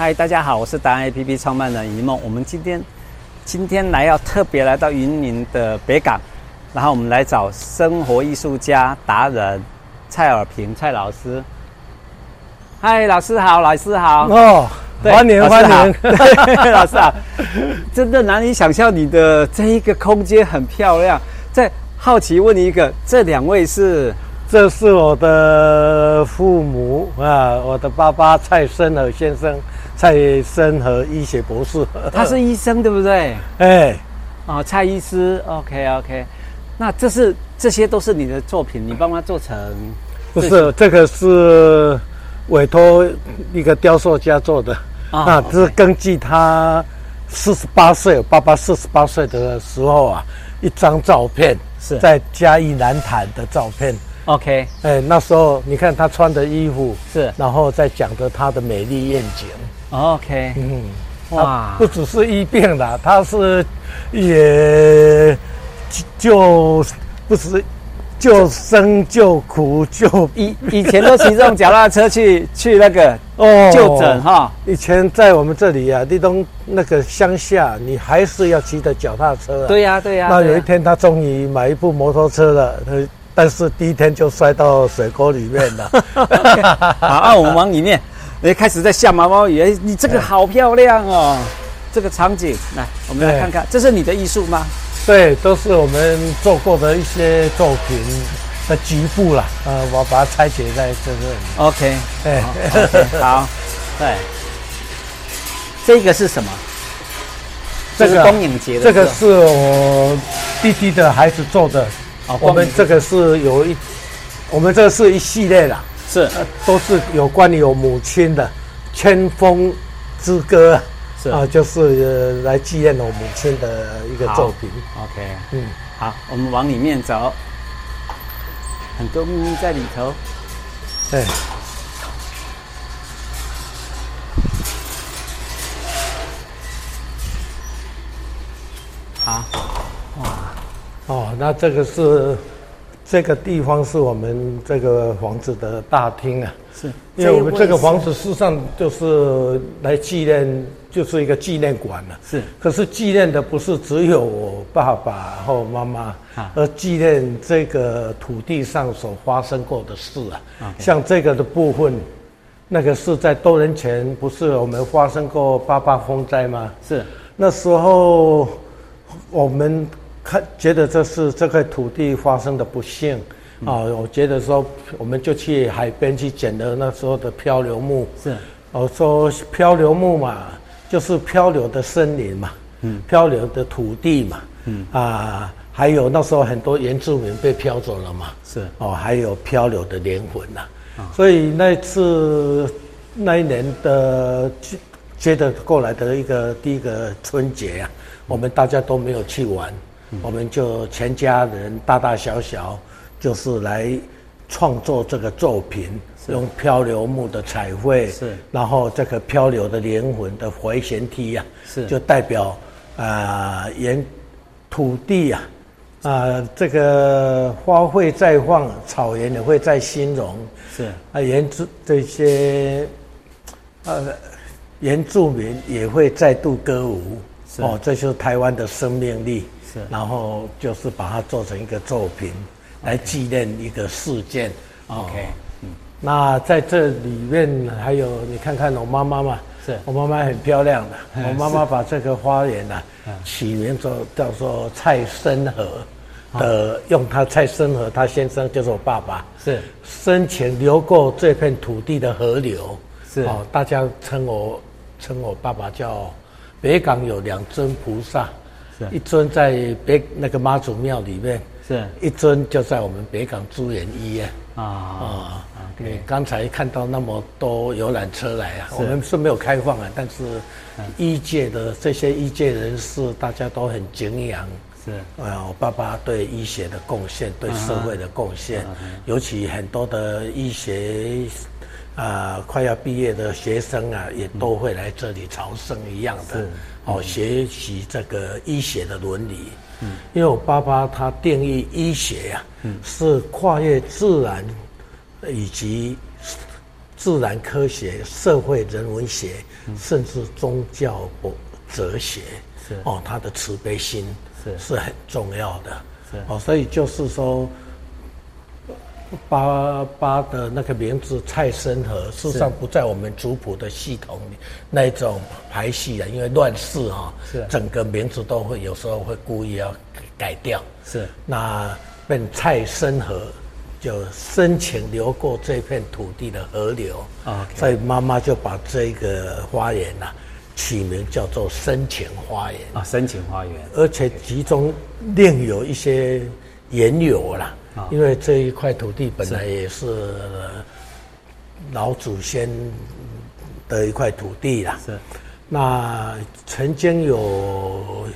嗨，大家好，我是達人 APP 創辦人余夢。我們今天今天來要特別來到雲林的北港，然後我們來找生活藝術家達人蔡爾平蔡老師。嗨，老師好，老師好。哦，對，歡迎歡迎，對，老師啊，真的難以想象你的這一個空間很漂亮。再好奇問你一個，這兩位是？這是我的父母啊，我的爸爸蔡森和先生，蔡森和醫學博士。哦，他是醫生，對不對？哎，哦，蔡醫師，OK OK，那這是這些都是你的作品，你幫他做成？不是，是這個是委托一個雕塑家做的，嗯哦、啊，okay，這是根據他四十八歲，爸爸四十八歲的時候啊，一張照片是在嘉義南壇的照片。OK，哎，那時候你看他穿的衣服是，然後再講的他的美麗願景。OK，嗯，哇，不只是醫病了，他是也就不是救生救苦救醫，以前都騎這種腳踏車去 去那個哦、oh, 就診哈。以前在我們這裡啊，立東那個鄉下，你還是要騎着腳踏車，啊。對呀，啊，對呀，啊啊。那有一天他終於買一部摩托車了。但是第一天就摔到水溝裡面了 Okay. 好。啊， 我們往裡面，哎，開始在下毛毛雨。哎，你這個好漂亮哦、哎，這個場景，來，我們來看看，這是你的藝術嗎？對，都是我們做過的一些作品的局部了。呃、啊，我把它拆解在這個。OK，對、oh, okay. 好，對， 這個是什麼？這個光影節的，這個是我弟弟的孩子做的。Oh, 我們這個是有一，哦、我們這個是一系列的，是、啊、都是有關於我母親的《千風之歌》是，是啊，就是、呃、來紀念我母親的一個作品。OK，嗯，好，我們往裡面走，很多秘密在裡頭。對，好、啊。哦，那這個是這個地方是我們這個房子的大廳啊。是，因為我們這個房子事實上就是來紀念，就是一個紀念館了、啊。是。可是紀念的不是只有我爸爸和媽媽，而紀念這個土地上所發生過的事啊、okay。像這個的部分，那個是在多年前，不是我們發生過八八風災嗎？是。那時候，我們。看，覺得這是這塊土地發生的不幸啊、嗯哦！我覺得說，我們就去海邊去撿了那時候的漂流木。是哦，說漂流木嘛，就是漂流的森林嘛，嗯，漂流的土地嘛，嗯啊，還有那時候很多原住民被漂走了嘛，是哦，還有漂流的靈魂吶、啊啊。所以那次那一年的接接着過來的一個第一個春節啊、嗯，我們大家都沒有去玩。嗯、我們就全家人大大小小，就是來創作這個作品，是，用漂流木的彩繪，是，然後這個漂流的靈魂的回旋梯啊，是，就代表啊，原、呃、土地啊，啊、呃，這個花卉再放，草原也會再興榮，是，啊，原住這些，呃，原住民也會再度歌舞，是，哦，這就是台灣的生命力。是然後就是把它做成一個作品，Okay. 來紀念一個事件。OK，、哦嗯、那在這裡面還有你看看我媽媽嘛？是我媽媽很漂亮的。我媽媽把這個花園吶、啊、起名做叫做蔡生河的、哦，用他蔡生河，他先生就是我爸爸。是生前流過這片土地的河流。是哦，大家稱我稱我爸爸叫北港有兩尊菩薩。一尊在北那個媽祖廟裡面，是，一尊就在我們北港珠園醫院。啊、嗯、啊！你、嗯、剛、啊欸、才看到那麼多遊覽車來啊，我們是沒有開放啊，但是醫界的這些醫界人士大家都很敬仰。是、啊，我爸爸對醫學的貢獻，對社會的貢獻、啊啊，尤其很多的醫學啊快要畢業的學生啊，也都會來這裡朝聖一樣的。哦，學習這個醫學的倫理，嗯，因為我爸爸他定義醫學呀，嗯，是跨越自然以及自然科學、社會、人文學，甚至宗教、哲學，是哦，他的慈悲心是是很重要的，是哦，所以就是說。爸爸的那個名字蔡申河，事實上不在我們族譜的系統那種排系啊，因為亂世啊，整個名字都會有時候會故意要改掉是。是，那本蔡申河就深情流過這片土地的河流、okay，所以媽媽就把這個花園吶取名叫做深情花園啊，深情花園，而且其中另有一些緣由啦。因為這一塊土地本來也是老祖先的一塊土地啦。是，那曾經有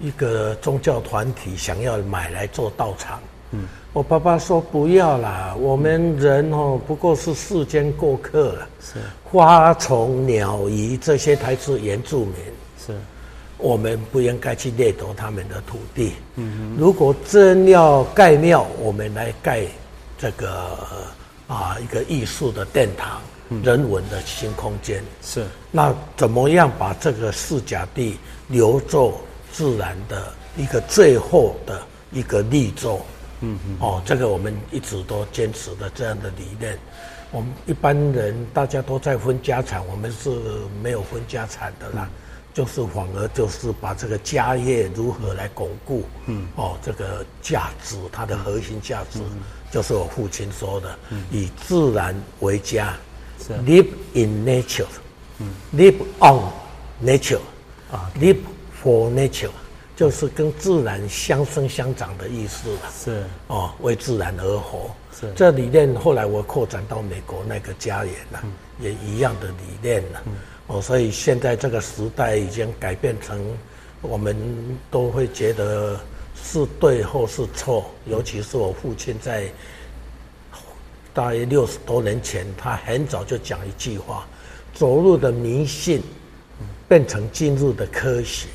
一個宗教團體想要買來做道場。嗯，我爸爸說不要啦，我們人哦不過是世間過客了。是，花、蟲、鳥、魚這些才是原住民。我們不應該去掠奪他們的土地。嗯、如果真要蓋廟，我們來蓋這個啊、呃，一個藝術的殿堂、嗯，人文的新空間。是。那怎麼樣把這個四甲地留作自然的一個最後的一個立作？嗯。哦，這個我們一直都堅持的這樣的理念。我們一般人大家都在分家產，我們是沒有分家產的啦。嗯就是反而就是把這個家業如何來鞏固，嗯，哦，這個價值，它的核心價值，嗯、就是我父親說的，嗯、以自然為家，是 live in nature，嗯，live on nature，啊，啊，live for nature，就是跟自然相生相長的意思、啊、是，哦，為自然而活，是，這理念後來我擴展到美國那個家園了、啊嗯、也一樣的理念了、啊嗯所以現在這個時代已經改變成，我們都會覺得是對或是錯。尤其是我父親在大約六十多年前，他很早就講一句話：“昨日的迷信變成今日的科學。”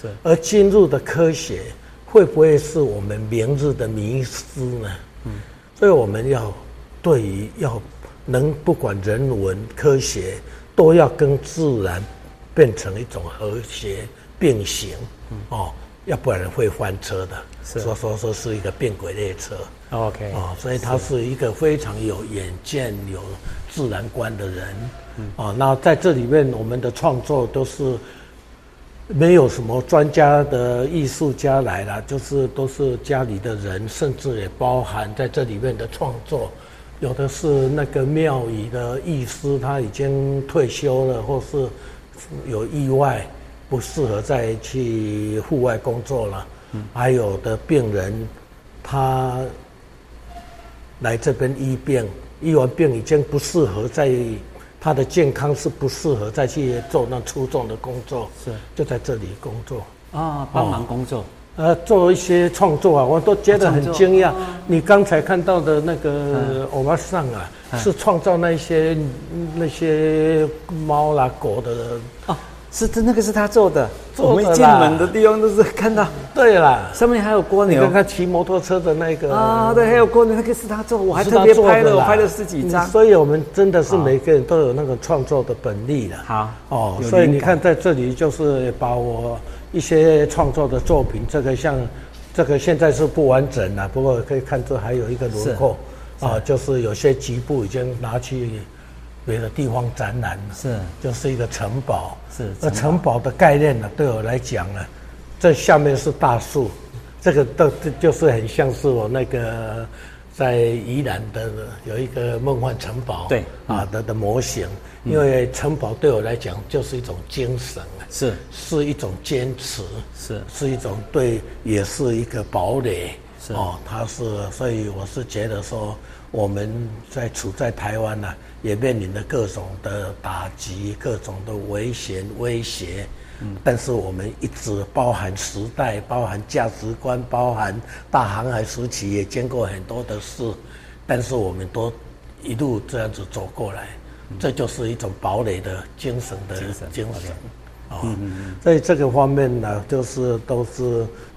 是。而今日的科學會不會是我們明日的迷失呢？嗯。所以我們要對於要能不管人文科學。都要跟自然變成一種和諧並行。嗯，哦，要不然會翻車的。是，說說說是一個變軌列車。OK。哦，所以他是一個非常有遠見、有自然觀的人。嗯。哦，那在這裡面，我們的創作都是沒有什麼專家的藝術家來了，就是都是家裡的人，甚至也包含在這裡面的創作。有的是那個廟宇的醫師，他已經退休了，或是有意外，不適合再去戶外工作了。嗯，還有的病人，他來這邊醫病，醫完病已經不適合再，他的健康是不適合再去做那粗重的工作，是就在這裡工作啊，哦，幫忙工作。哦呃，做一些創作啊，我都覺得很驚訝。啊、你剛才看到的那個歐巴桑啊、嗯，是創造那些那些貓啦、狗的。哦，是，的那個是他做的。做的我們一進門的地方都是看到。嗯、對了，上面還有蝸牛，你剛他騎摩托車的那個。啊，對，還有蝸牛，那個是他做，我還特別拍了，我拍了十幾張。所以我們真的是每個人都有那個創作的本領的。好。哦，所以你看在這裡就是把我。一些創作的作品，這個像，這個現在是不完整了，啊。不過可以看出還有一個輪廓，啊，就是有些局部已經拿去別的地方展覽了。是，就是一個城堡。是，城堡，城堡的概念呢，啊，對我來講呢，啊，這下面是大樹，這個都就是很像是我那個。在宜蘭的有一個夢幻城堡，對啊的的模型、嗯，因為城堡對我來講就是一種精神，是，是一種堅持，是，是一種對，也是一個堡壘，是哦，它是，所以我是覺得說我們在處在台灣呢、啊，也面臨着各種的打擊，各種的危險威脅。嗯、但是我們一直包含時代，包含價值觀，包含大航海時期也見過很多的事，但是我們都一路這樣子走過來，嗯、這就是一種堡壘的精神的精神精神，啊，在、哦嗯嗯嗯、這個方面呢，就是都是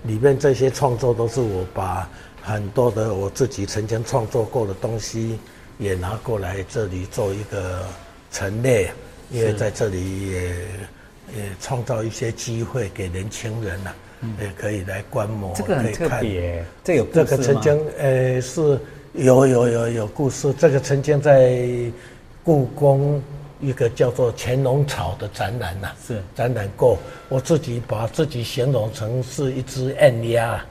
裡面這些創作都是我把很多的我自己曾經創作過的東西也拿過來這裡做一個陳列，因為在這裡也。也創造一些機會給年輕人吶、啊嗯，也可以來觀摩。這個很特別，這個這個曾經呃是有有有有，有故事。這個曾經在故宮一個叫做乾隆草的展覽吶、啊，是展覽過。我自己把自己形容成是一隻雁鴨、啊，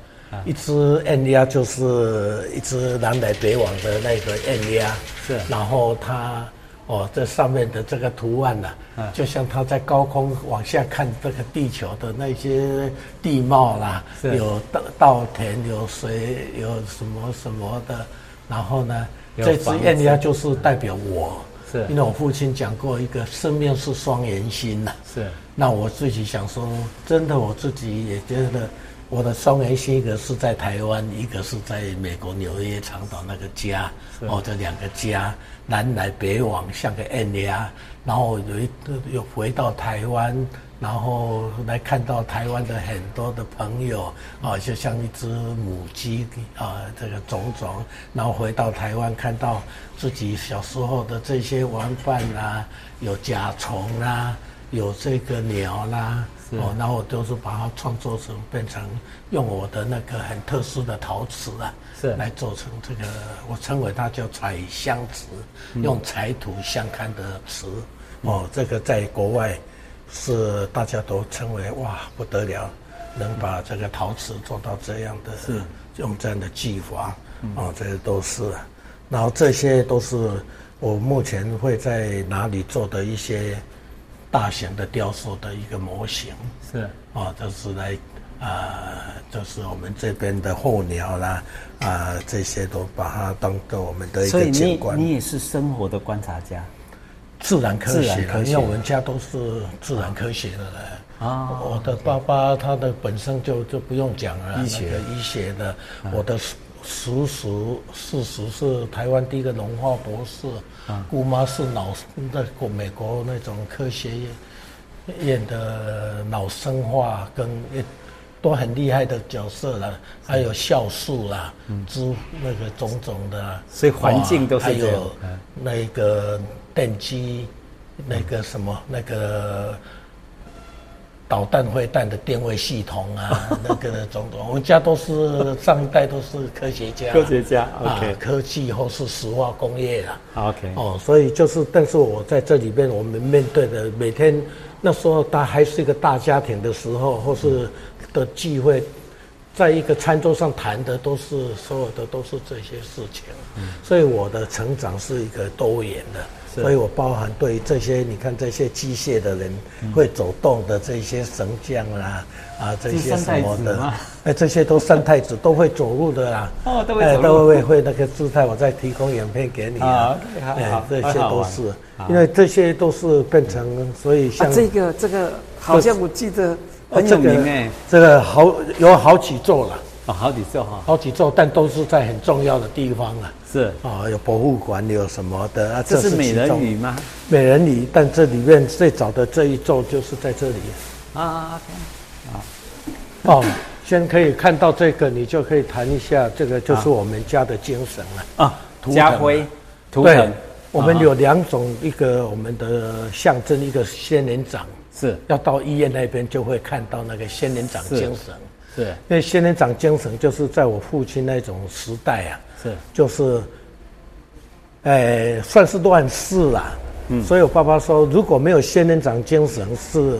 一隻雁鴨就是一隻南來北往的那個雁鴨。是，然後它。哦，這上面的這個圖案呢，就像他在高空往下看這個地球的那些地貌啦，有稻稻田，有水，有什麼什麼的。然後呢，這只燕子就是代表我，是，因為我父親講過一個生命是雙圓心吶。是，那我自己想說，真的我自己也覺得。我的雙人性格是在台灣，一個是在美國紐約長島那個家，哦，這兩個家，南來北往像個雁呀，然後有一個又回到台灣，然後來看到台灣的很多的朋友，啊、哦，就像一只母雞，啊，這個種種，然後回到台灣看到自己小時候的這些玩伴啦、啊，有甲蟲啦、啊，有這個鳥啦、啊。哦，然後我就是把它創作成變成用我的那個很特殊的陶瓷啊，是來做成這個，我稱為它叫彩香瓷，用彩土相堪的瓷、嗯。哦，這個在國外是大家都稱為哇不得了，能把這個陶瓷做到這樣的，是用這樣的技法、嗯，哦，這些、個、都是。然後這些都是我目前會在哪裡做的一些大型的雕塑的一個模型，是啊，啊就是來啊、呃，就是我們這邊的候鳥啦，啊、呃，這些都把它當做我們的一個景觀。所以你你也是生活的觀察家，自然科學，因為我們家都是自然科學的人、啊。啊。我的爸爸他的本身就就不用講了、啊，醫學醫學的，那個醫學的啊、我的。叔叔事叔是台灣第一個農化博士，啊、姑媽是老、那個、美國那種科學院的腦生化跟，跟都很厲害的角色了。還有酵素啦，之、嗯、那個種種的，所以環境都是有那個電機、啊，那個什麼，嗯、那個。導彈、飛彈的定位系統啊， 那個種種，我們家都是上一代都是科學家，科學家啊，okay. 科技或是石化工業啊 OK，哦，所以就是，但是我在這裡邊，我們面對的每天，那時候他還是一個大家庭的時候，或是的聚會，在一個餐桌上談的都是所有的都是這些事情。嗯、okay.，所以我的成長是一個多元的。所以我包含對於這些，你看這些機械的人會走動的這些神將啦、啊，啊這些什麼的，哎，這些都三太子都會走路的啦，哦，都會會會那個姿態，我再提供影片給你啊，哎，這些都是，因為這些都是變成，所以像這個這個好像我記得很有名哎，這個好有好幾座了。哦、好幾座哈、哦，好幾座，但都是在很重要的地方了、啊。是啊、哦，有博物館，有什麼的啊。這是美人魚嗎？美人魚，但這裡面最早的這一座就是在這裡啊。啊，好，好，好，啊，哦， 先可以看到這個，你就可以談一下這個就是我們家的精神了、啊。啊，啊，家徽，圖騰。對、啊，我們有兩種，一個我們的象徵，一個仙人掌。是要到醫院那邊就會看到那個仙人掌精神。因為那仙人掌精神就是在我父親那種時代啊，是，就是，哎、欸，算是亂世啦。嗯，所以我爸爸說，如果沒有仙人掌精神，是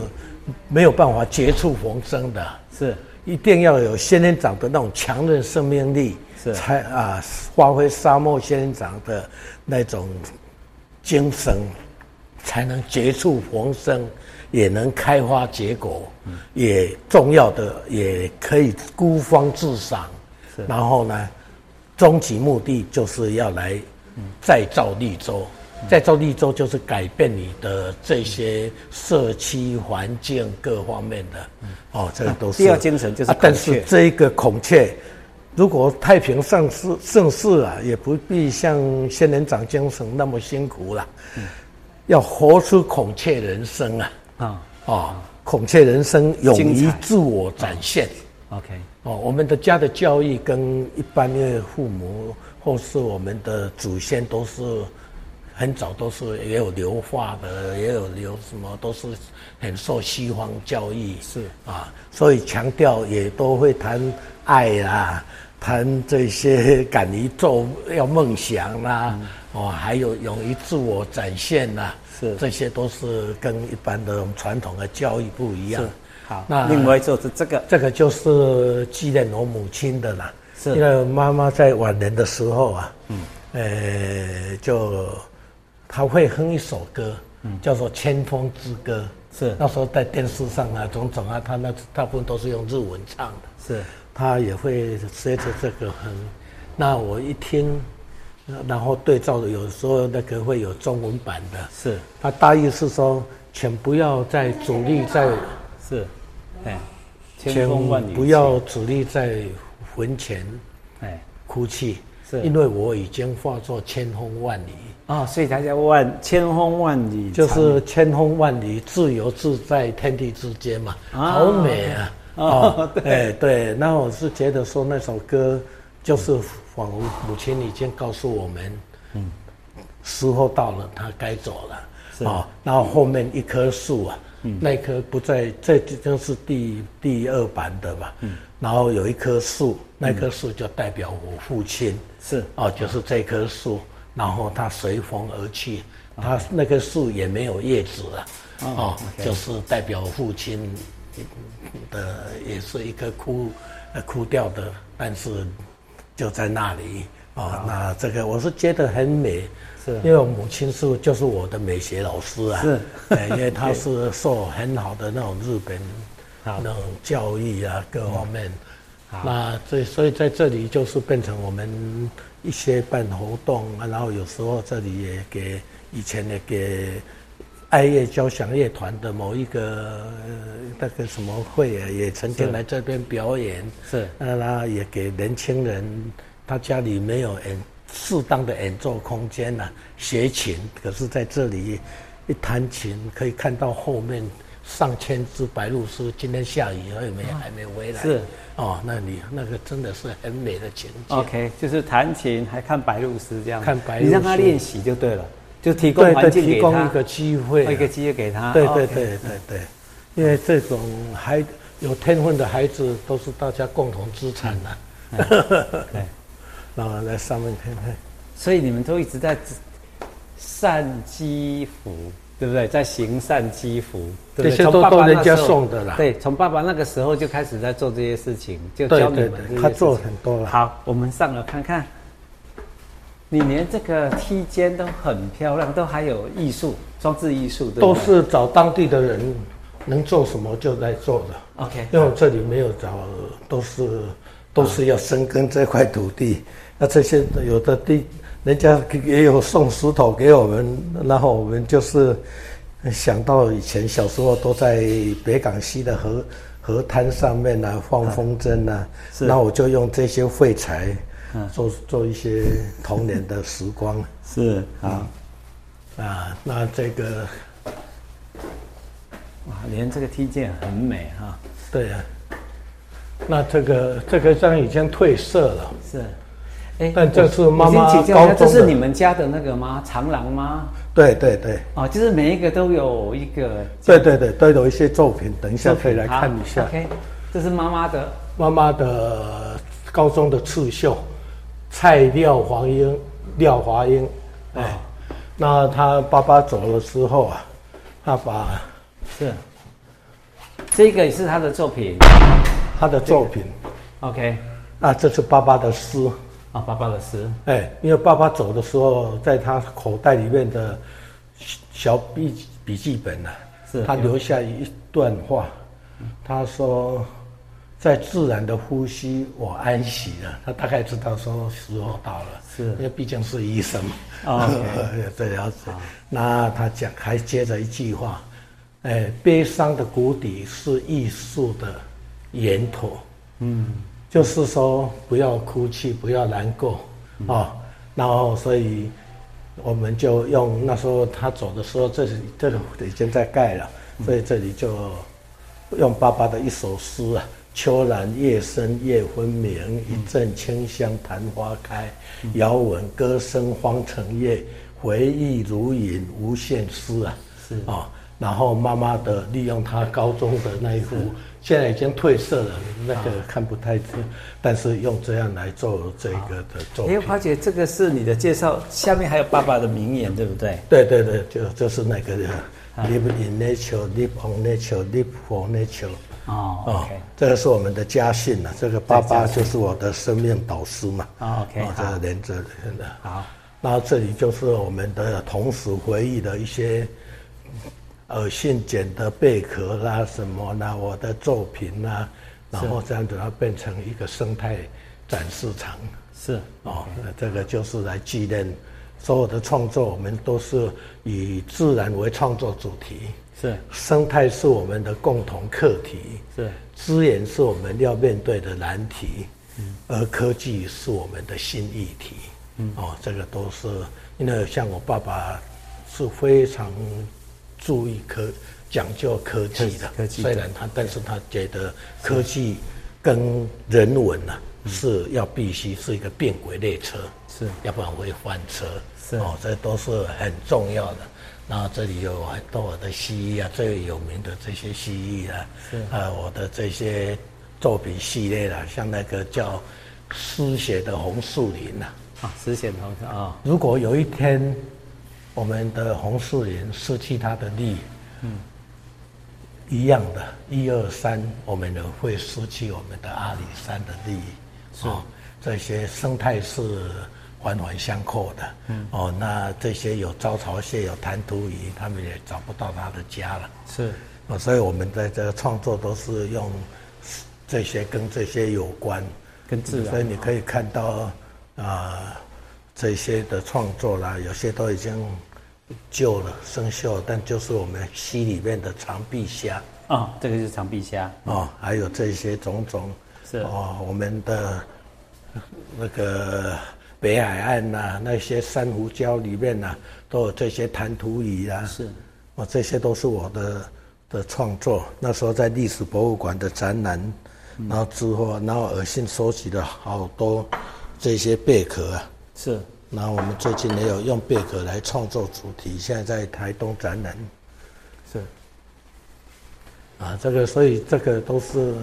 沒有辦法絕處逢生的是。是，一定要有仙人掌的那種強韌生命力，是，才啊，發揮沙漠仙人掌的那種精神，才能絕處逢生。也能開花結果、嗯,也重要的也可以孤芳自賞。是。然後呢，終極目的就是要來再造綠洲、嗯。再造綠洲就是改變你的這些社區環境各方面的。嗯、哦，這都是、啊。第二精神就是、啊。但是這一個孔雀，如果太平盛世盛世啊，也不必像仙人掌精神那麼辛苦了、啊嗯。要活出孔雀人生啊！啊、哦、啊、哦！孔雀人生，勇於自我展現。哦哦 OK，哦，我們的家的教育跟一般的父母或是我們的祖先都是很早都是也有留化的，也有留什麼，都是很受西方教育。是啊、哦，所以強調也都會談愛啊，談這些敢於做要夢想啦、啊嗯，哦，還有勇於自我展現啦、啊是，這些都是跟一般的傳統的教育不一樣。是好，那另外就是這個，這個就是紀念我母親的啦。是，因為媽媽在晚年的時候啊，嗯，呃、欸，就她會哼一首歌，嗯，叫做《千風之歌》。是，那時候在電視上啊，種種啊，她那大部分都是用日文唱的。是，她也會隨着這個哼。那我一聽。然後對照的，有時候那個會有中文版的，是他，大意是說，請不要再佇立在，嗯、是，哎、嗯，請不要佇立在墳前，哎、嗯，哭泣，是，因為我已經化作千風萬里啊、哦，所以它叫萬千風萬里，就是千風萬里，自由自在天地之間嘛，哦、好美啊，哦，對、哦、對，那、哎、我是覺得說那首歌。就是仿佛母親已經告訴我們，嗯，時候到了，他該走了，啊、嗯哦，然後後面一棵樹啊，嗯，那棵不在，這就是第第二版的吧，嗯，然後有一棵樹，那棵樹就代表我父親，是、嗯，啊、哦，就是這棵樹，然後他隨風而去，他那棵樹也沒有葉子啊，啊、哦，哦哦 okay. 就是代表父親的，的也是一棵枯，枯掉的，但是。就在那裡啊、哦，那這個我是覺得很美，是，因為我母親是就是我的美學老師啊，對， 因為她是受很好的那種日本啊，那種教育啊各方面，那這所，所以在這裡就是變成我們一些辦活動啊，然後有時候這裡也給以前也給。愛樂交響樂團的某一個、呃、那個什麼會啊，也曾經來這邊表演，是，呃、啊，也給年輕人，他家裡沒有很適當的演奏空間呢、啊，學琴，可是在這裡一彈琴，可以看到後面上千隻白鷺鷥，今天下雨還沒有、哦，還沒回來，是，哦，那你那個真的是很美的情景。OK，就是彈琴還看白鷺鷥這樣，看白鷺，你讓他練習就對了。就提供環境給他，對對，一個機會、啊、哦，一個機會給他。對對對對對，對、嗯，因為這種孩有天分的孩子都是大家共同資產的、啊。對、嗯，讓、嗯、我、 okay. 來上面看看。所以你們都一直在善積福，對不對？在行善積福。這些都爸爸都人家送的啦。對，從爸爸那個時候就開始在做這些事情，就教你們對對對，他做很多了。好，我們上樓看看。你連這個梯間都很漂亮，都還有藝術裝置藝術，的，都是找當地的人能做什麼就來做的。OK，因為我這裡沒有找，都是都是要深耕這塊土地。那、啊、這些有的地，人家也有送石頭給我們，然後我們就是想到以前小時候都在北港溪的河河灘上面啊，放風箏、啊啊、是然後我就用這些廢材。做做一些童年的時光、嗯、是啊、嗯、啊,那這個哇連這個踢毽很美哈、啊。對啊，那這個這個章已經褪色了。是，欸、但這是媽媽這是你們家的那個嗎？長廊嗎？對對對，啊、哦，就是每一個都有一個，對對對，都有一些作品，等一下可以來看一下。啊、OK，這是媽媽的媽媽的高中的刺繡。蔡廖黃英、廖華英、哦，哎，那他爸爸走了之後啊，他把是這個也是他的作品，他的作品，OK，啊，這是爸爸的詩啊、哦，爸爸的詩，哎，因為爸爸走的時候，在他口袋裡面的小筆筆記本呢、啊，是他留下一段話，嗯、他說。在自然的呼吸，我安息了、啊。他大概知道說時候到了，是，因為畢竟是醫生嘛。啊，這然後那他講還接着一句話，哎、欸，悲傷的谷底是藝術的源頭。嗯，就是說不要哭泣，不要難過啊、哦嗯。然後所以我們就用那時候他走的時候，這裡這裡已經在蓋了、嗯，所以這裡就用爸爸的一首詩啊。秋蘭夜深夜昏明，一陣清香曇花開，遙、嗯、聞歌聲荒城夜，回憶如影無限思啊！是啊、哦，然後媽媽的利用她高中的那一幅，現在已經褪色了，那個看不太清、啊，但是用這樣來做這個的做法、啊、哎，花姐，這個是你的介紹，下面還有爸爸的名言，對不對？嗯、對對對，就就是那個 Live in nature, live on nature, live for nature。Oh, okay. 哦，這個是我們的家信了。這個爸爸就是我的生命導師嘛。Oh, okay, 哦，這個連着的，好。然後這裡就是我們的同時回憶的一些，呃，信件的貝殼啦，什麼啦，我的作品啦，然後這樣子，它變成一個生態展示場。是，哦，okay. 這個就是來紀念所有的創作，我們都是以自然為創作主題。是生態是我們的共同課題，是資源是我們要面對的難題，嗯，而科技是我們的新議題，嗯哦，這個都是因為像我爸爸是非常注意科講究科技的，科技,科技雖然他，但是他覺得科技跟人文吶、啊、是,是要必須是一個變軌列車，是，要不然會翻車，是哦，這都是很重要的。然、啊、後這裡有很多我的蜥蜴啊，最有名的這些蜥蜴啊，呃、啊，我的這些作品系列啦、啊，像那個叫《失血的紅樹林》吶、啊。啊，失血的紅樹林啊！如果有一天我們的紅樹林失去它的利益，嗯，一樣的，一二三，我們人會失去我們的阿里山的利益。是、哦，這些生態是。環環相扣的、嗯，哦，那這些有招潮蟹，有彈塗魚，他們也找不到他的家了。是，哦、所以我們在這個創作都是用這些跟這些有關，跟自然、嗯。所以你可以看到啊、呃、這些的創作啦，有些都已經舊了生鏽了，但就是我們溪裡面的長臂蝦啊，這個就是長臂蝦、嗯、哦，還有這些種種是哦，我們的那個。北海岸吶、啊，那些珊瑚礁裡面吶、啊，都有這些彈塗魚啊。是，我這些都是我的的創作。那時候在歷史博物館的展覽、嗯，然後之後，然後爾平收集了好多這些貝殼啊。是，然後我們最近也有用貝殼來創作主題，現在在台東展覽。是。啊，這個，所以這個都是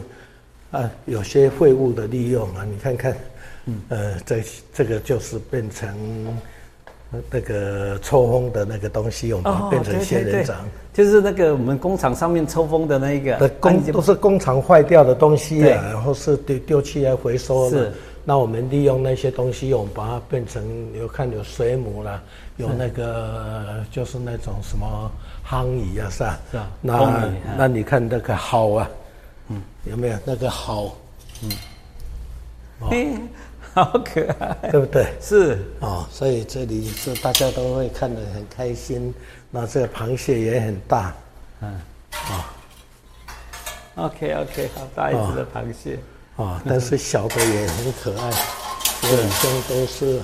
啊，有些廢物的利用啊，你看看。嗯，呃，這這個就是變成，嗯呃、那個抽風的那個東西，我、哦、們變成仙人掌對對對對，就是那個我們工廠上面抽風的那個，的、啊、工都是工廠壞掉的東西、啊，然後是丟丟棄來回收。的那，那我們利用那些東西，我、嗯、們把它變成有看有水母啦，有那個是就是那種什麼夯蟻啊，是是啊。那啊那你看那個蠔啊，嗯，有沒有那個蠔？嗯。嗯、哦欸好可愛，對不對？是哦，所以這裡是大家都會看得很開心。那這個螃蟹也很大，嗯，啊，哦，OK，OK，okay, okay, 好大一隻的螃蟹。啊，哦哦，但是小的也很可愛， 所以女生都是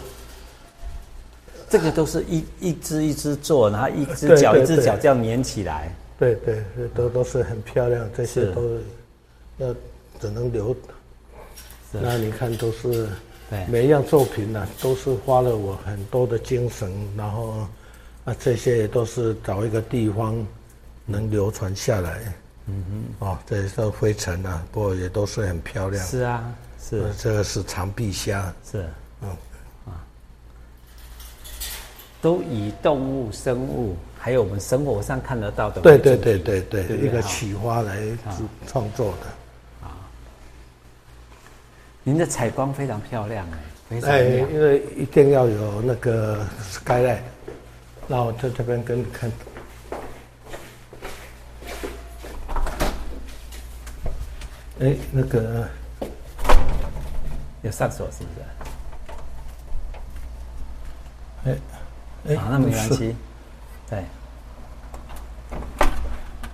這個都是一一隻一隻做，然後一隻腳一隻腳這樣粘起來。對對，對，都都是很漂亮，這些都要只能留。那你看都是。對每一樣作品呢、啊，都是花了我很多的精神，然後啊，這些也都是找一個地方能流傳下來。嗯哼，哦，這也是灰塵啊，不過也都是很漂亮。是啊，是,啊是。這個是長臂蝦。是、啊。嗯。啊。都以動物、生物，還有我們生活上看得到的，對對對對對，okay, 對一個啟發來創作的。您的採光非常漂亮哎、欸欸，因為一定要有那個 skylight，讓我在這邊跟你看。哎、欸，那個有上鎖是不是？哎、欸，哎、欸啊，那沒燃氣。對，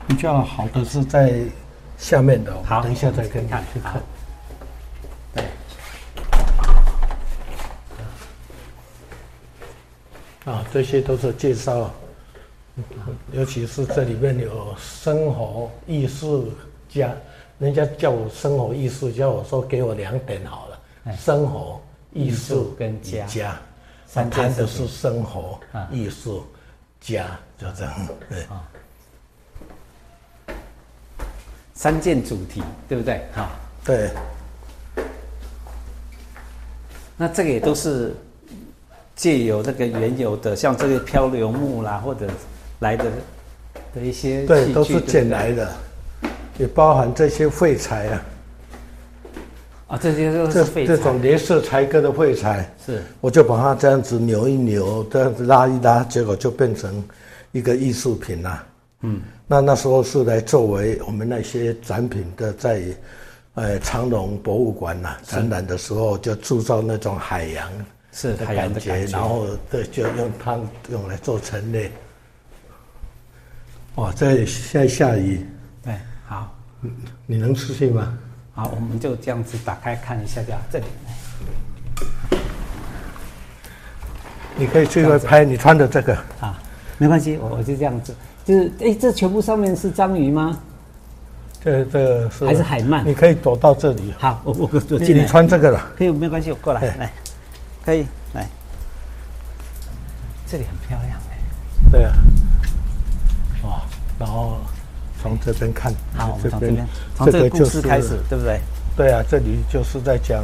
比較好的是在下面的，好，等一下再跟你看。這些都是介紹，尤其是這裡面有生活、藝術、家，人家叫我生活藝術家，我說給我兩點好了，哎、生活、藝術跟家，家，談的是生活、藝、啊、術、家，就這樣，對，三件主題，對不對？哈，對，那這個也都是。借由那個原有的，像這些漂流木啦，或者來的的一些，對，都是撿來的對對，也包含這些廢材啊，啊，這些都是廢材，這這種連色裁割的廢材，是，我就把它這樣子扭一扭，這樣子拉一拉，結果就變成一個藝術品了、啊。嗯，那那時候是來作為我們那些展品的，在呃長隆博物館吶、啊、展覽的時候，就鑄造那種海洋。是太陽的感覺,感覺，然後對，就用湯用來做成的。哇，這在在下,下雨。對，對好、嗯。你能出去嗎？好，我們就這樣子打開看一下就好，就這裡來。你可以去拍你穿的這個啊，沒關係，我我就這樣子，就是哎，這全部上面是章魚嗎？這這個、是還是海鰻？你可以躲到這裡。好，我我我，你穿這個了。可以，沒關係，我過來來。可以來，這裡很漂亮哎、欸。對啊，哦。然後從這邊看、欸，好，這我們從這邊，從、這個就是、這個故事開始，對不對？對啊，這裡就是在講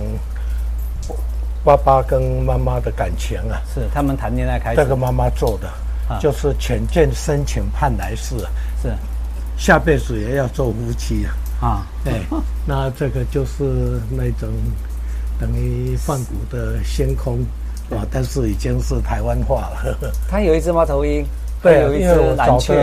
爸爸跟媽媽的感情啊。是，他們談戀愛開始。這個媽媽做的，啊、就是“淺見深情盼來世”，是下輩子也要做夫妻啊。啊對啊。那這個就是那種。等於仿古的星空，啊，但是已經是台灣化了。他、嗯、有一隻貓頭鷹，對，有一隻，藍雀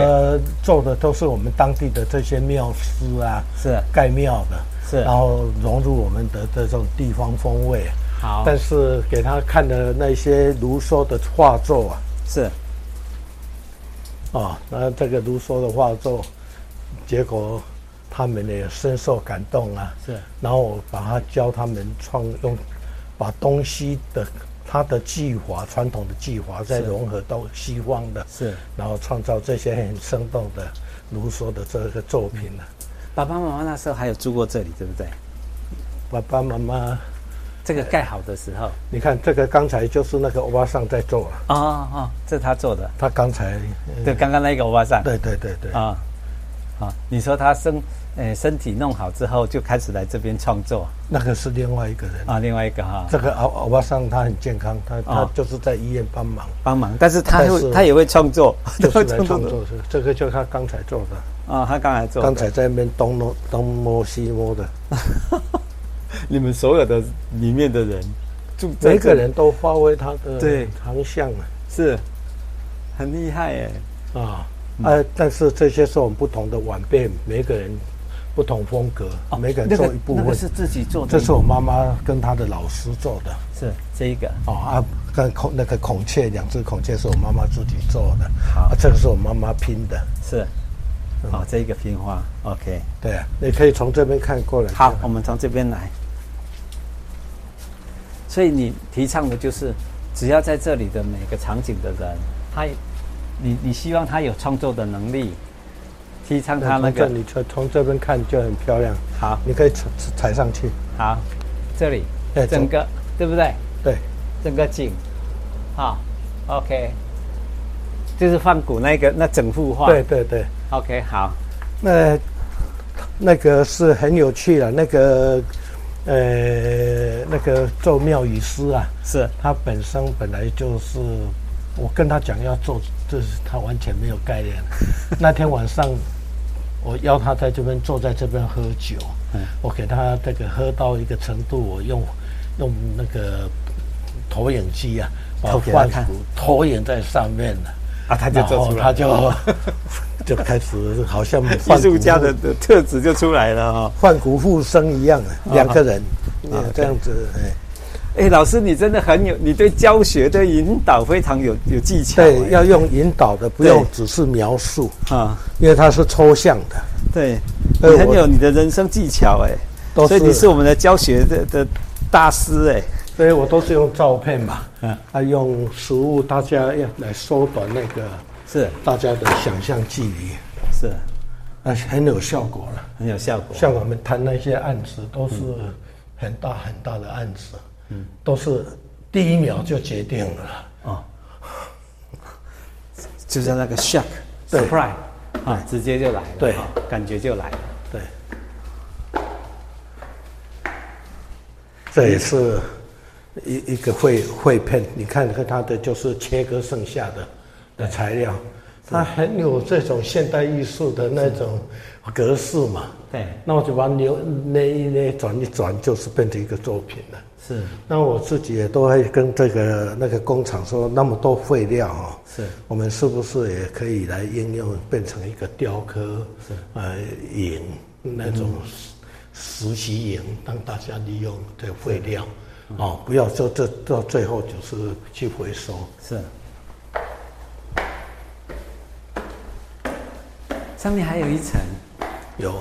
做的都是我們當地的這些廟師啊，是蓋廟的，是然後融入我們的這種地方風味。好，但是給他看的那些盧梭的畫作啊，是，啊，那這個盧梭的畫作，結果。他們也深受感動啊，是，然後我把他教他們創用，把東西的他的技法傳統的技法再融合到西方的，是，然後創造這些很生動的盧梭的這個作品了、啊。爸爸媽媽那時候還有住過這裡，對不對？爸爸媽媽，這個蓋好的時候，你看這個剛才就是那個歐巴桑在做了啊啊，哦哦哦這是他做的，他剛才對、嗯，剛剛那個歐巴桑，對對對對啊。哦啊、哦，你說他身，呃，身體弄好之後就開始來這邊創作，那個是另外一個人啊、哦，另外一個哈、哦，這個歐歐巴桑他很健康，他、哦、他就是在醫院幫忙幫忙，但是他會他,是他也會創作，就是會創作是，這個就是他剛才做的啊、哦，他剛才做的，剛才在那邊東摸東摸西摸的， 你們所有的裡面的人，就每個,每個人都發揮他的對長項嘛，是很厲害哎啊。哦呃、嗯啊，但是這些是我們不同的晚輩，每個人不同風格，哦、每個人做一部分。那個、那個、是自己做的，這是我媽媽跟她的老師做的。是這一個哦啊，跟孔那個孔雀，兩隻孔雀是我媽媽自己做的。嗯、好、啊，這個是我媽媽拼的。是，好、嗯哦、這一個拼花。OK。對啊，你可以從這邊看過來看。好，我們從這邊來。所以你提倡的就是，只要在這裡的每個場景的人，他。你你希望他有創作的能力，提倡他，他那個。那你從從這邊看就很漂亮。好，你可以踩踩上去。好，這裡。對整個，對不對？對，整個景。好，OK。就是放古那個那整幅畫。對對對，OK 好。那那個是很有趣的，那個呃那個做廟宇師啊，是他本身本來就是我跟他講要做。就是他完全沒有概念。 那天晚上，我邀他在這邊坐在這邊喝酒、嗯，我給他這個喝到一個程度，我用用那個投影機啊，把梵谷投影在上面了、啊，啊，他就走，出，他就 就開始好像藝術家的特質就出來了啊，梵谷復生一樣了、啊，兩、啊、個人、啊啊、這樣子，哎。哎，老師，你真的很有，你對教學的引導非常有有技巧。對，欸、要用引導的，不用只是描述。是啊，因為它是抽象的。對，你很有你的人生技巧哎、欸，所以你是我們的教學的的，的大師哎、欸。所以我都是用照片嘛，嗯、啊，啊，用實物，大家要來縮短那個是大家的想象距離，是，啊，很有效果了，很有效果。像我們談那些案子，都是很大很大的案子。嗯嗯，都是第一秒就決定了，定了、哦、叫 shark, Prime, 啊，就像那個 shock surprise 啊，直接就來了，對、哦，感覺就來了對，對。這也是一一個繪繪片，你看看他的就是切割剩下的的材料，它很有這種現代藝術的那種格式嘛。對，那我就把扭、捏、一捏、捏轉、一轉，就是變成一個作品了。是。那我自己也都會跟這個那個工廠說，那麼多廢料啊、喔，是。我們是不是也可以來應用，變成一個雕刻？是。呃，影，那種實習影，讓大家利用這廢料，啊、喔，不要說這到最後就是去回收。是。上面還有一層。有。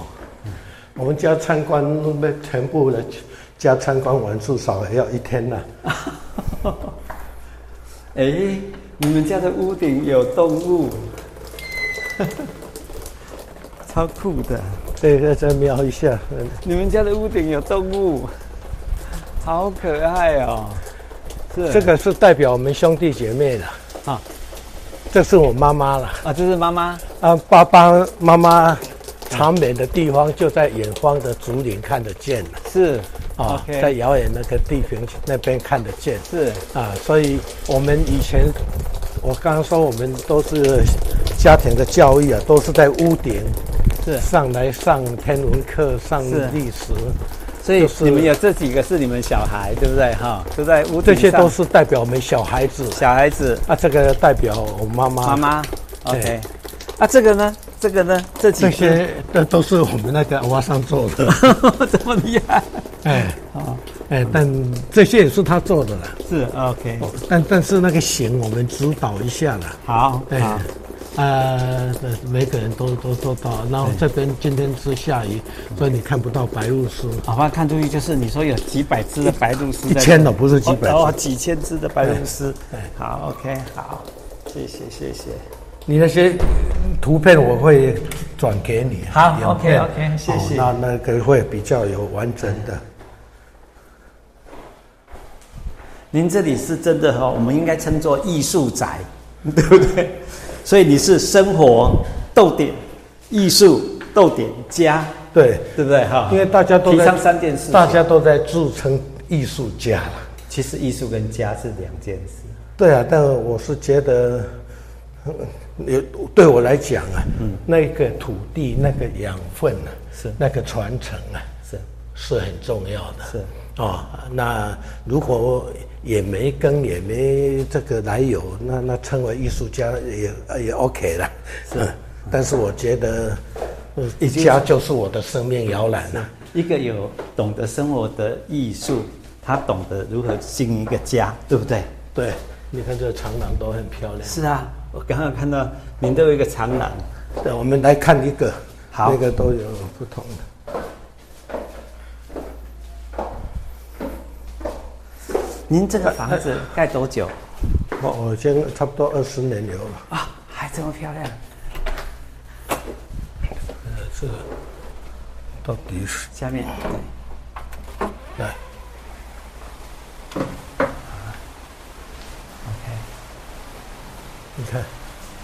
我們家參觀那全部的，家參觀完至少也要一天呢、啊。哎、 欸，你們家的屋頂有動物， 超酷的。對，再再瞄一下。你們家的屋頂有動物，好可愛哦。是這個是代表我們兄弟姐妹的啊，這是我媽媽了。啊，這是媽媽。啊，爸爸媽媽。媽媽啊、長美的地方就在遠方的竹林看得見，是啊，Okay. 在遙遠那個地平那邊看得見，是啊，所以我們以前，我剛剛說我們都是家庭的教育啊，都是在屋頂上來上天文課、上歷史、就是，所以你們有這幾個是你們小孩對不對哈？都、哦、在屋頂，這些都是代表我們小孩子，小孩子啊，這個代表我媽媽，媽媽，OK。啊，這個呢，這個呢，這些，這些都是我們那個挖上做的， 這麼厲害，哎，好、哦，哎，但這些也是他做的了，是，OK，、哦、但但是那個型我們指導一下了，好，哎，呃，每個人都都做到，然後這邊今天是下雨，所以你看不到白鷺鷥、嗯 okay。好吧，看出去就是你說有幾百隻的白鷺鷥，一千的不是幾百隻哦，哦，幾千隻的白鷺鷥、哎、好，OK，好，謝謝，謝謝。你那些圖片我會轉給你。好，OK，OK、okay, okay, 謝謝好。那那個會比較有完整的。您這裡是真的哈，我們應該稱作藝術宅，對不對？所以你是生活逗點，藝術逗點家，對，對不對哈？因為大家都在提倡三件事，大家都在自稱藝術家了。其實藝術跟家是兩件事。對啊，但我是覺得。也對我來講啊，嗯，那個土地、那個養分啊，是那個傳承啊，是是很重要的。是啊、哦、那如果也沒根、也沒這個來由，那那成為藝術家也也 OK 了。是、嗯，但是我覺得一家就是我的生命搖籃了、啊。一個有懂得生活的藝術，他懂得如何經營一個家，對不對？對，你看這個長廊都很漂亮。是啊。我剛剛看到您都有一個長廊，對，我們來看一個。好，那、這個都有不同的。您這個房子蓋多久？哦、啊，我現在差不多二十年有了。啊，還這麼漂亮。呃，這到底是下面對來。你看，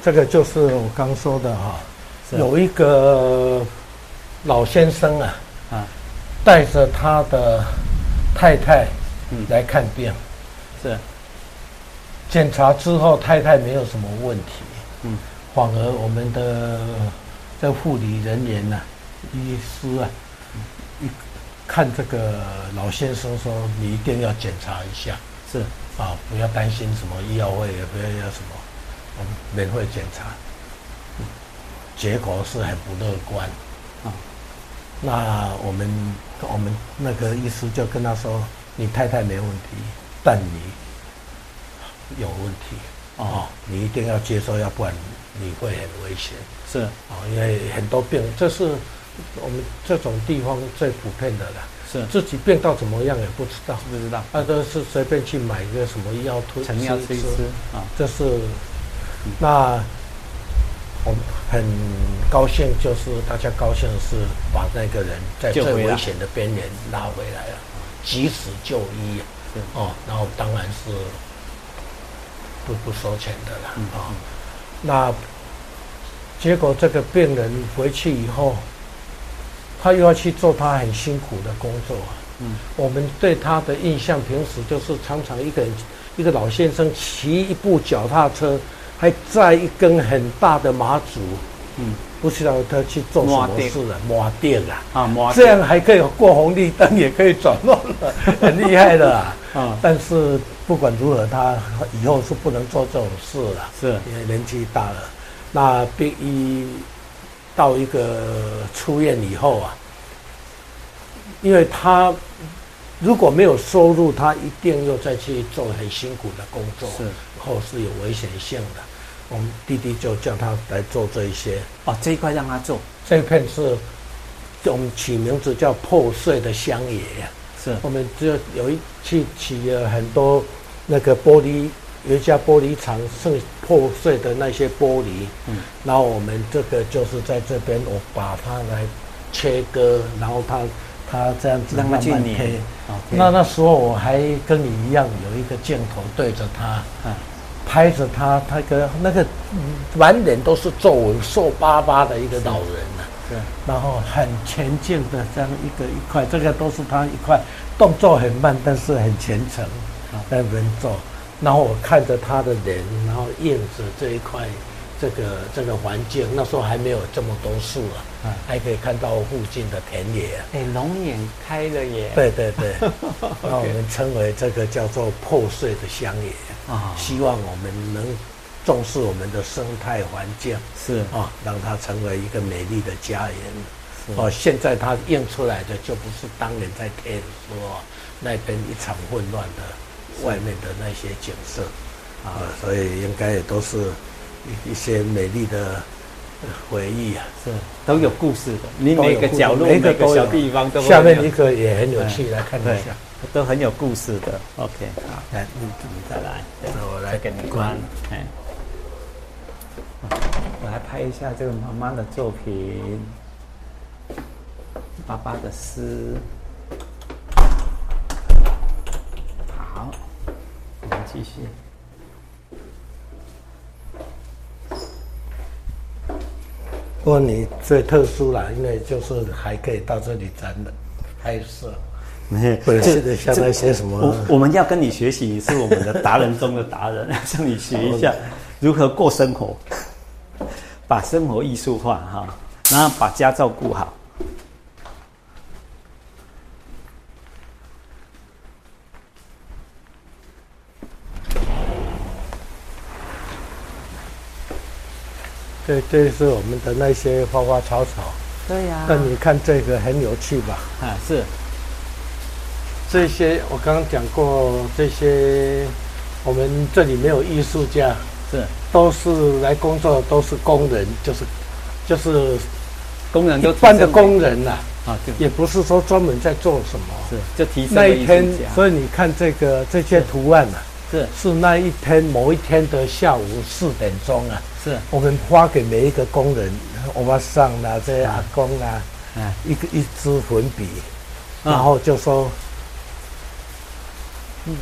這個就是我剛說的哈、啊，有一個老先生啊，啊，帶着他的太太來看病、嗯，是。檢查之後太太沒有什麼問題，嗯，反而我們的這護理人員吶、啊嗯、醫師啊，一看這個老先生說，你一定要檢查一下，是啊，不要擔心什麼醫藥費，也不要要什麼。我們免費檢查，結果是很不樂觀啊、嗯。那我們我們那個醫師就跟他說：“你太太沒問題，但你有問題啊、哦，你一定要接受，要不然你會很危險。”是啊，因為很多病，這是我們這種地方最普遍的了。是自己病到怎麼樣也不知道，是不是知道他都、啊就是隨便去買一個什麼藥推陳藥推支啊，這是。那我們很高興，就是大家高興的是把那個人在最危險的邊緣拉回來了、啊，及時就醫啊、嗯，哦，然後當然是不不收錢的啦啊、嗯嗯哦。那結果這個病人回去以後，他又要去做他很辛苦的工作。嗯，我們對他的印象平時就是常常一個人一個老先生騎一部腳踏車。還載一根很大的麻竹，嗯，不知道他去做什麼事了、啊，磨電啊，啊，這樣還可以過紅綠燈，也可以轉彎了，很厲害的啊、 嗯。但是不管如何，他以後是不能做這種事了，是，因為年紀大了。那病一，到一個出院以後啊，因為他如果沒有收入，他一定要再去做很辛苦的工作，是。後是有危險性的，我們弟弟就叫他來做這一些。哦，這一塊讓他做。這一片是，我們起名字叫破碎的鄉野。是。我們就有一去起，起了很多那個玻璃，有一家玻璃廠剩破碎的那些玻璃。嗯。然後我們這個就是在這邊，我把它來切割，然後它它這樣子慢慢黑。哦。Okay. 那那時候我還跟你一樣，有一個鏡頭對着它啊。拍着他他個那個，滿臉都是皺紋，瘦巴巴的一個老人吶、啊。對。然後很虔敬的這樣一個一塊，這個都是他一塊，動作很慢，但是很虔誠，在穩走。然後我看着他的臉，然後印着這一塊，這個這個環境，那時候還沒有這麼多樹啊。還可以看到附近的田野哎、欸，龍眼開了耶！對對對 ，okay、我們稱為這個叫做破碎的鄉野啊，希望我們能重視我們的生態環境，是啊，讓它成為一個美麗的家園。哦，現在它映出來的就不是當年在天說、啊、那邊一場混亂的外面的那些景色啊，所以應該也都是，一些美麗的。回憶啊，是都有故事的。你、嗯、每個角落，嗯、每，個，都有每個小地方都，下面你可也很有趣，嗯、來看一下、嗯，都很有故事的。嗯、OK，好，來、嗯，我們再來。我來給你關，哎、嗯，我來拍一下這個媽媽的作品，爸爸的詩，好，我們繼續。不過你最特殊了，因為就是還可以到這裡拍攝還是，沒有，不是像那些什麼我？我們要跟你學習，你是我們的達人中的達人， 要向你學一下如何過生活，把生活藝術化哈，然後把家照顧好。對，這是我們的那些花花草草。對呀、啊。那你看這個很有趣吧？啊，是。這些我剛剛講過，這些我們這裡沒有藝術家，是，都是來工作的，都是工人，就是，就是工人。一般的工人吶、啊，啊，就也不是說專門在做什麼，是，就提那一天，所以你看這個這些圖案啊，是，是，是那一天某一天的下午四點鐘啊。是我們發給每一個工人，我們上拿這、啊、阿公啊，一個一支粉筆、嗯，然後就說：“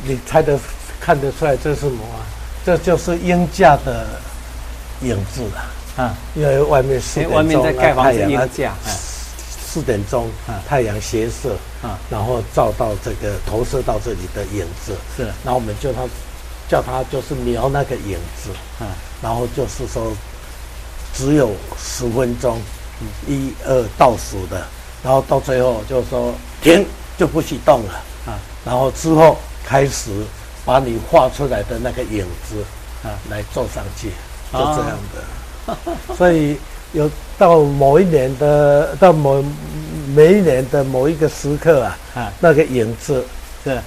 你猜得看得出來這是什麼？這就是鷹架的影子啊！啊，因為外面四點鐘啊，啊，啊，啊，太陽啊，四點鐘啊，太陽斜射啊，然後照到這個投射到這裡的影子、啊、的影子是，是。然後我們叫他叫他就是描那個影子啊。”然後就是說，只有十分鐘，一二倒數的，然後到最後就說停就不許動了啊。然後之後開始把你畫出來的那個影子啊來做上去，就這樣的。啊、所以有到某一年的到某每一年的某一個時刻啊，啊那個影子對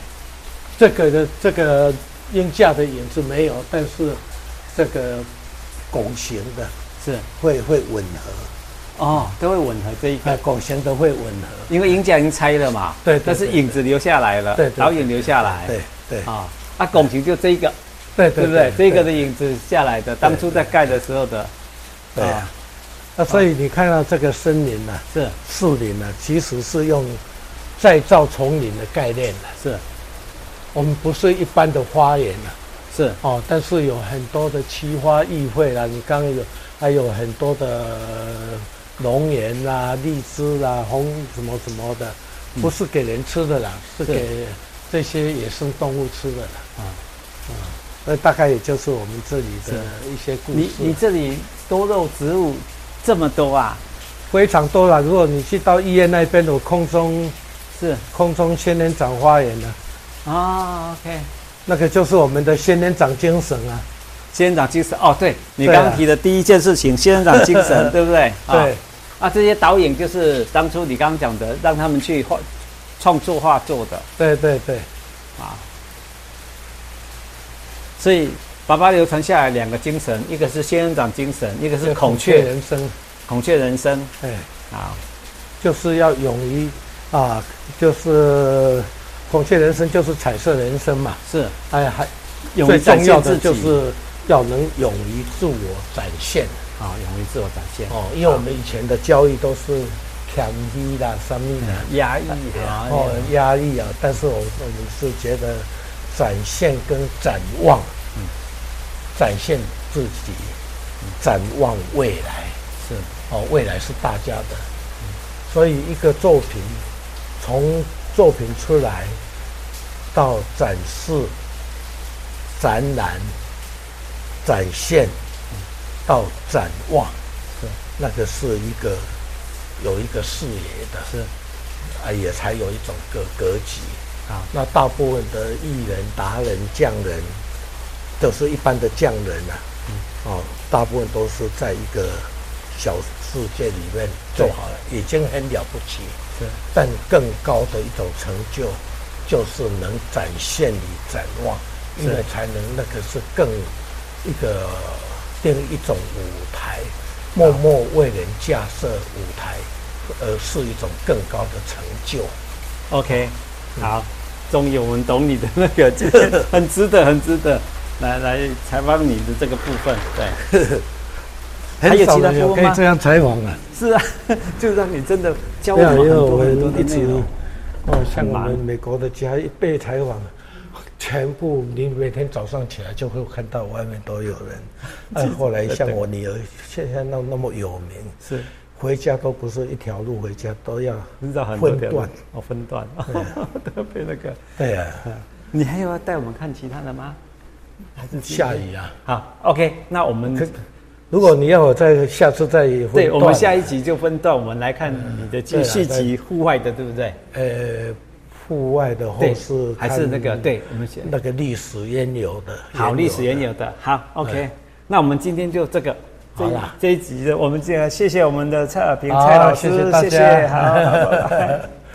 這個的這個陰架的影子沒有，但是。這個拱形的是會會吻合，哦，都會吻合這一個拱、啊、形都會吻合，因為鷹架已經拆了嘛，對，對，對，對，但是影子留下來了，對，對，對，對，倒影留下來，對對，對，對、哦、啊，啊拱形就這一個，對對，對，對，對不對？對對對對這個的影子下來的，對對對當初在蓋的時候的對、啊，對啊，那所以你看到這個森林呢、啊，是樹林呢、啊，其實是用再造叢林的概念、啊、是我們不是一般的花園了、啊。是哦，但是有很多的奇花異卉啦，你剛，剛有，還有很多的龍眼啦、荔枝啦、啊、紅什麼什麼的，不是給人吃的啦，是、嗯、給、這個 okay. 這些野生動物吃的啦。啊、嗯、啊，那、嗯、大概也就是我們這裡的一些故事。你你這裡多肉植物這麼多啊？非常多啦。如果你去到醫院那邊，有空中是空中仙人掌花園的、啊。啊、oh，OK。那個就是我們的仙人掌精神啊，仙人掌精神哦，對，你剛，剛提的第一件事情，仙人掌精神，對不對？ 對啊，啊，這些導演就是當初你剛，剛講的，讓他們去畫、創作畫作的。對對對，啊，所以爸爸流傳下來兩個精神，一個是仙人掌精神，一個是孔雀，孔雀人生，孔雀人生，對啊，就是要勇於啊，就是。孔雀人生就是彩色人生嘛，是，是哎還，最重要的就是要能勇於自我展現啊、哦，勇於自我展現哦。因為我們以前的教育都是強逼的、生命的壓抑啊，壓抑、哦、啊。但是我們是覺得展現跟展望，嗯，展現自己，嗯、展望未來是哦，未來是大家的，嗯、所以一個作品從。作品出來到展示、展覽、展現到展望，是那個是一個有一個視野的，是啊，也才有一種個格局啊。那大部分的藝人、達人、匠人，都、就是一般的匠人吶、啊嗯，哦，大部分都是在一個。小世界裡面做好了，已經很了不起。是，但更高的一種成就，就是能展現你展望，因為才能那個是更一個定一種舞台，默默為人架設舞台，而是一種更高的成就。OK，好，嗯、終於我們懂你的那個，很值，很值得，很值得來來採訪你的這個部分。對。 很少候可以這樣採訪啊，啊。是啊，就讓你真的交流很、很、很多的容有一容。哦，像我們美國的，家，一被採訪，全部你每天早上起來就會看到外面都有人。哎、啊，後來像我女兒現在那那麼有名，是回家都不是一條路回家，都要分段哦，分段，特別、啊哦、那個。對呀、啊，你還有要帶我們看其他的嗎？還是下雨啊？好，OK，那我們。如果你要我再下次再對，我們下一集就分段，我們來看你的繼續集戶外的，對不對？呃，戶外的或是還是那個對，我們那個歷史原有的好有的，歷史原有的好，OK、嗯。那我們今天就這個這好了，這一集的我們這謝謝我們的蔡爾平蔡老師，謝謝，謝，謝，好。